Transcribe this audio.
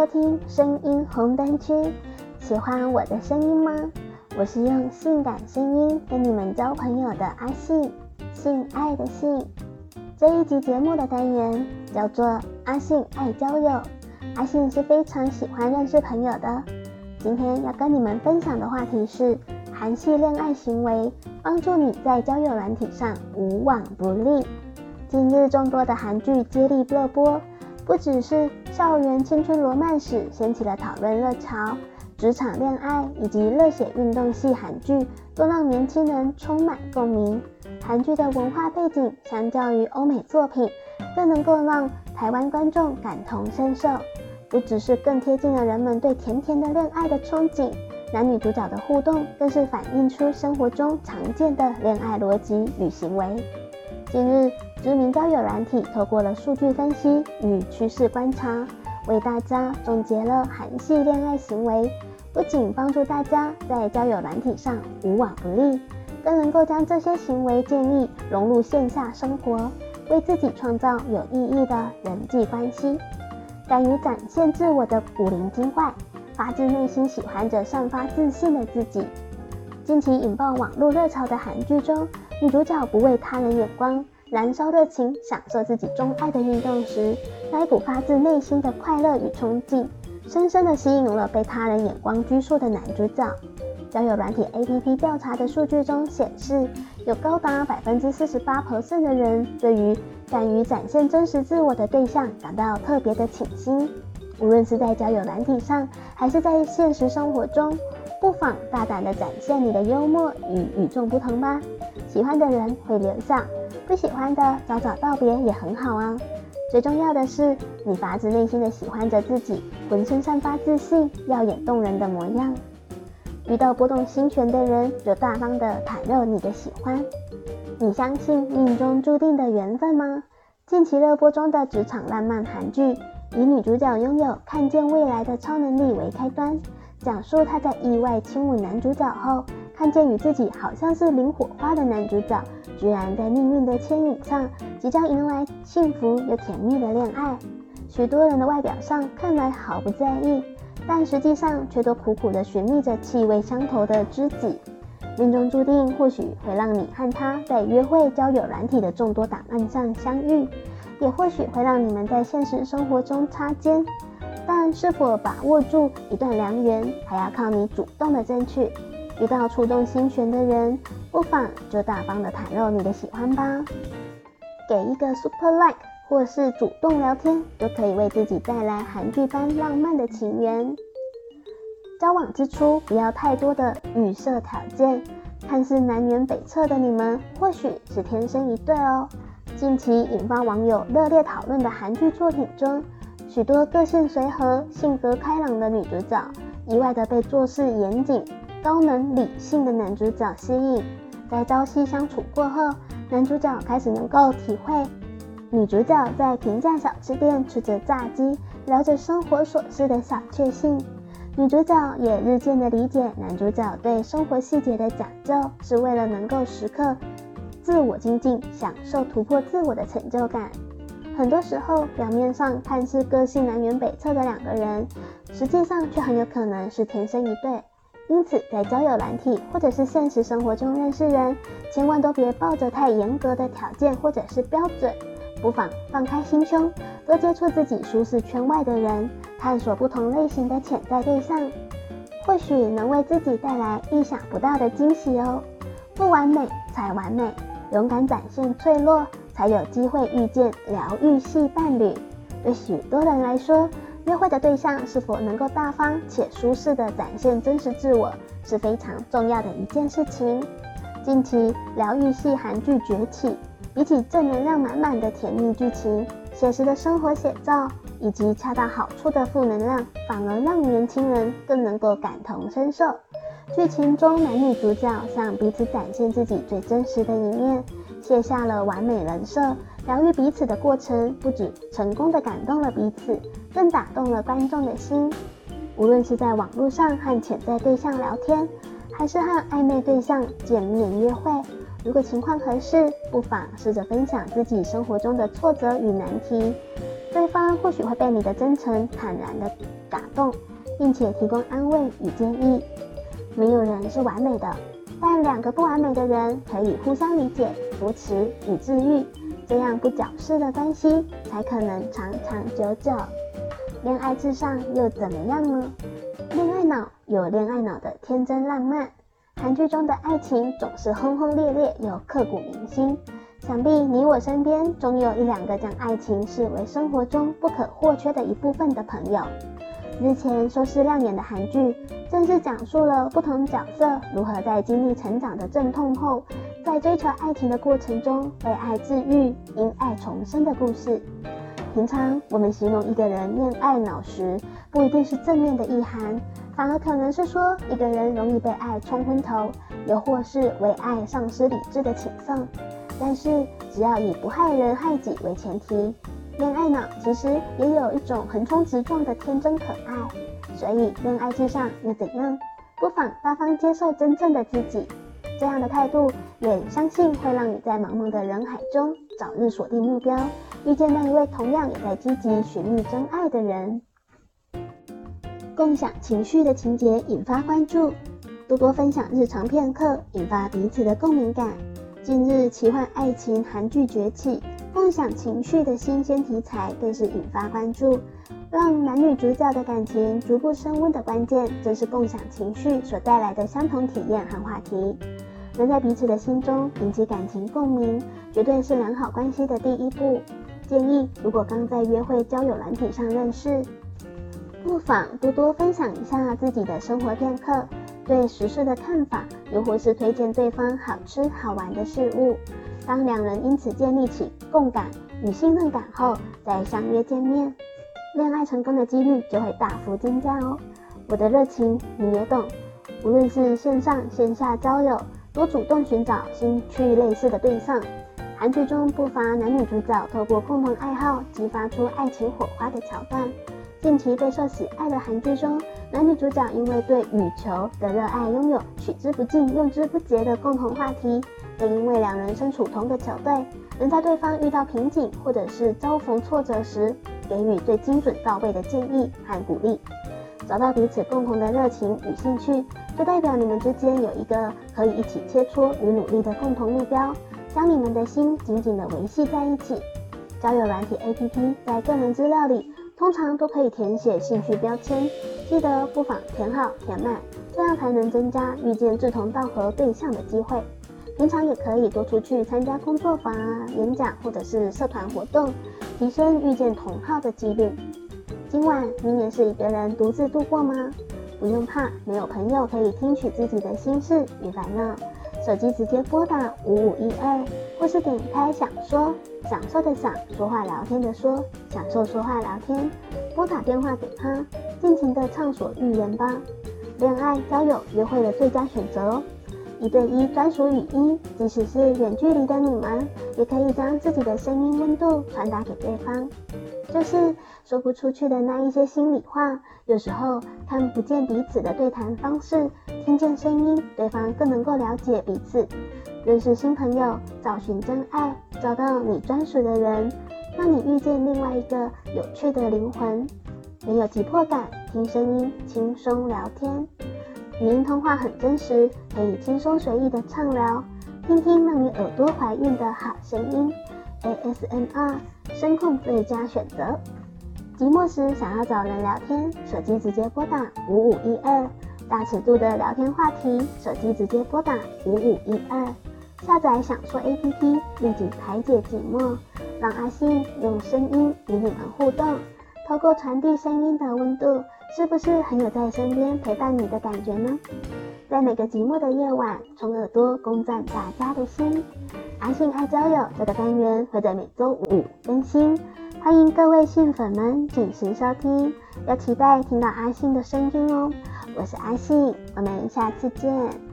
收聽聲音紅燈區，喜歡我的聲音嗎？我是用性感聲音跟你們交朋友的阿性，性愛的性。這一集節目的單元叫做阿性愛交友，阿性是非常喜歡認識朋友的。今天要跟你們分享的話題是韓系戀愛行為，幫助你在交友軟體上無往不利。近日眾多的韓劇接力熱播。不只是校園青春羅曼史掀起了討論熱潮，職場戀愛以及熱血運動系韓劇都讓年輕人充滿共鳴。韓劇的文化背景相較於歐美作品，更能夠讓台灣觀眾感同身受。不只是更貼近了人們對甜甜的戀愛的憧憬，男女主角的互動更是反映出生活中常見的戀愛邏輯與行為。近日，知名交友軟體透過了數據分析與趨勢觀察，為大家總結了韓系戀愛行為，不僅幫助大家在交友軟體上無往不利，更能夠將這些行為建議融入線下生活，為自己創造有意義的人際關係。敢於展現自我的古靈精怪，發自內心喜歡着散發自信的自己。近期引爆網絡熱潮的韓劇中，女主角不為他人眼光。燃燒熱情，享受自己鍾愛的運動時，那股發自內心的快樂與憧憬，深深的吸引了被他人眼光拘束的男主角。交友軟體 APP 調查的數據中顯示，有高達百分之四十八 percent 的人對於敢於展現真實自我的對象感到特別的傾心。無論是在交友軟體上，還是在現實生活中，不妨大膽地展現你的幽默與與眾不同吧。喜歡的人會留下，不喜歡的早早道別也很好啊。最重要的是，你發自內心的喜歡着自己，渾身散發自信、耀眼動人的模樣。遇到撥動心弦的人，就大方的袒露你的喜歡。你相信命中注定的緣分嗎？近期熱播中的職場浪漫韓劇，以女主角擁有看見未來的超能力為開端，講述她在意外親吻男主角後，看見與自己好像是零火花的男主角，居然在命運的牽引上即將迎來幸福又甜蜜的戀愛。許多人的外表上看來毫不在意，但實際上卻都苦苦的尋覓着氣味相投的知己。命中注定或許會讓你和他在約會、交友軟體的眾多檔案上相遇，也或許會讓你們在現實生活中擦肩。但是否把握住一段良緣，還要靠你主動的爭取。遇到觸動心弦的人，不妨就大方的袒露你的喜歡吧。給一個 super like 或是主動聊天，都可以為自己帶來韓劇般浪漫的情緣。交往之初不要太多的預設條件，看似南轅北轍的你們，或許是天生一對哦。近期引發網友熱烈討論的韓劇作品中，許多個性隨和、性格開朗的女主角，意外的被做事嚴謹。高能理性的男主角吸引，在朝夕相處過後，男主角開始能夠體會女主角在平價小吃店吃着炸雞，聊着生活瑣事的小確幸。女主角也日漸的理解男主角對生活細節的講究，是為了能夠時刻自我精進，享受突破自我的成就感。很多時候，表面上看似個性南轅北轍的兩個人，實際上卻很有可能是天生一對。因此，在交友軟體或者是現實生活中認識人，千萬都別抱着太嚴格的條件或者是標準，不妨放開心胸，多接觸自己舒適圈外的人，探索不同類型的潛在對象，或許能為自己帶來意想不到的驚喜哦。不完美才完美，勇敢展現脆弱，才有機會遇見療癒系伴侶。對許多人來說，約會的對象是否能夠大方且舒適的展現真實自我，是非常重要的一件事情。近期療癒系韓劇崛起，比起正能量滿滿的甜蜜劇情，寫實的生活寫照以及恰到好處的負能量，反而讓年輕人更能夠感同身受。劇情中男女主角向彼此展現自己最真實的一面，卸下了完美人設。療癒彼此的過程，不止成功地感動了彼此，更打動了觀眾的心。無論是在網絡上和潛在對象聊天，還是和曖昧對象見面約會，如果情況合適，不妨試着分享自己生活中的挫折與難題。對方或許會被你的真誠坦然地打動，並且提供安慰與建議。沒有人是完美的，但兩個不完美的人可以互相理解、扶持與治癒。這樣不矯飾的關係才可能長長久久。戀愛至上又怎麼樣呢？戀愛腦有戀愛腦的天真浪漫，韓劇中的愛情總是轟轟烈烈又刻骨銘心。想必你我身邊總有一兩個將愛情視為生活中不可或缺的一部分的朋友。日前收視亮眼的韓劇，正是講述了不同角色如何在經歷成長的陣痛後，在追求愛情的過程中被愛治癒、因愛重生的故事。平常我們形容一個人戀愛腦時，不一定是正面的意涵，反而可能是說一個人容易被愛沖昏頭，又或是為愛喪失理智的傾向。但是，只要以不害人害己為前提。戀愛腦其實也有一種橫衝直撞的天真可愛，所以戀愛至上又怎樣？不妨大方接受真正的自己，這樣的態度也相信會讓你在茫茫的人海中早日鎖定目標，遇見那一位同樣也在積極尋覓真愛的人。共享情緒的情節引發關注，多多分享日常片刻，引發彼此的共鳴感。近日奇幻愛情韓劇崛起。共享情緒的新鮮題材更是引發關注，讓男女主角的感情逐步升溫的關鍵，正是共享情緒所帶來的相同體驗和話題，能在彼此的心中引起感情共鳴，絕對是良好關係的第一步。建議如果剛在約會交友軟體上認識，不妨多多分享一下自己的生活片刻，對時事的看法，又或是推薦對方好吃好玩的事物。當兩人因此建立起共感與信任感後，再相約見面，戀愛成功的幾率就會大幅增加哦。我的熱情你也懂，無論是線上線下交友，多主動尋找興趣類似的對象。韓劇中不乏男女主角透過共同愛好激發出愛情火花的橋段。近期備受喜愛的韓劇中，男女主角因為對羽球的熱愛，擁有取之不盡、用之不竭的共同話題。正因為兩人身處同個球隊，能在對方遇到瓶頸或者是遭逢挫折時，給予最精準到位的建議和鼓勵，找到彼此共同的熱情與興趣，就代表你們之間有一個可以一起切磋與努力的共同目標，將你們的心緊緊地維繫在一起。交友軟體 APP 在個人資料裡，通常都可以填寫興趣標籤，記得不妨填好填滿，這樣才能增加遇見志同道合對象的機會。平常也可以多出去參加工作坊啊、演講或者是社團活動，提升遇見同好的幾率。今晚你也是一個人獨自度過嗎？不用怕，沒有朋友可以聽取自己的心事與煩惱，手機直接撥打五五一二，或是點開“享說，享受的享，說話聊天的說，享受說話聊天”，撥打電話給他，盡情的暢所欲言吧。戀愛、交友、約會的最佳選擇哦。一對一專屬語音，即使是遠距離的你們，也可以將自己的聲音溫度傳達給對方。就是說不出去的那一些心裡話，有時候看不見彼此的對談方式，聽見聲音，對方更能夠了解彼此，認識新朋友，找尋真愛，找到你專屬的人，讓你遇見另外一個有趣的靈魂。沒有急迫感，聽聲音輕鬆聊天。語音通話很真實，可以輕鬆隨意的暢聊，聽聽讓你耳朵懷孕的好聲音，ASMR 聲控最佳選擇。寂寞時想要找人聊天，手機直接撥打五五一二。大尺度的聊天話題，手機直接撥打五五一二。下載想說 APP，立即排解寂寞，讓阿性用聲音與你們互動，透過傳遞聲音的溫度。是不是很有在身邊陪伴你的感覺呢？在每個寂寞的夜晚，從耳朵攻占大家的心。阿性愛交友，這個單元會在每周五更新，歡迎各位性粉們準時收聽，要期待聽到阿性的聲音哦。我是阿性，我們下次見。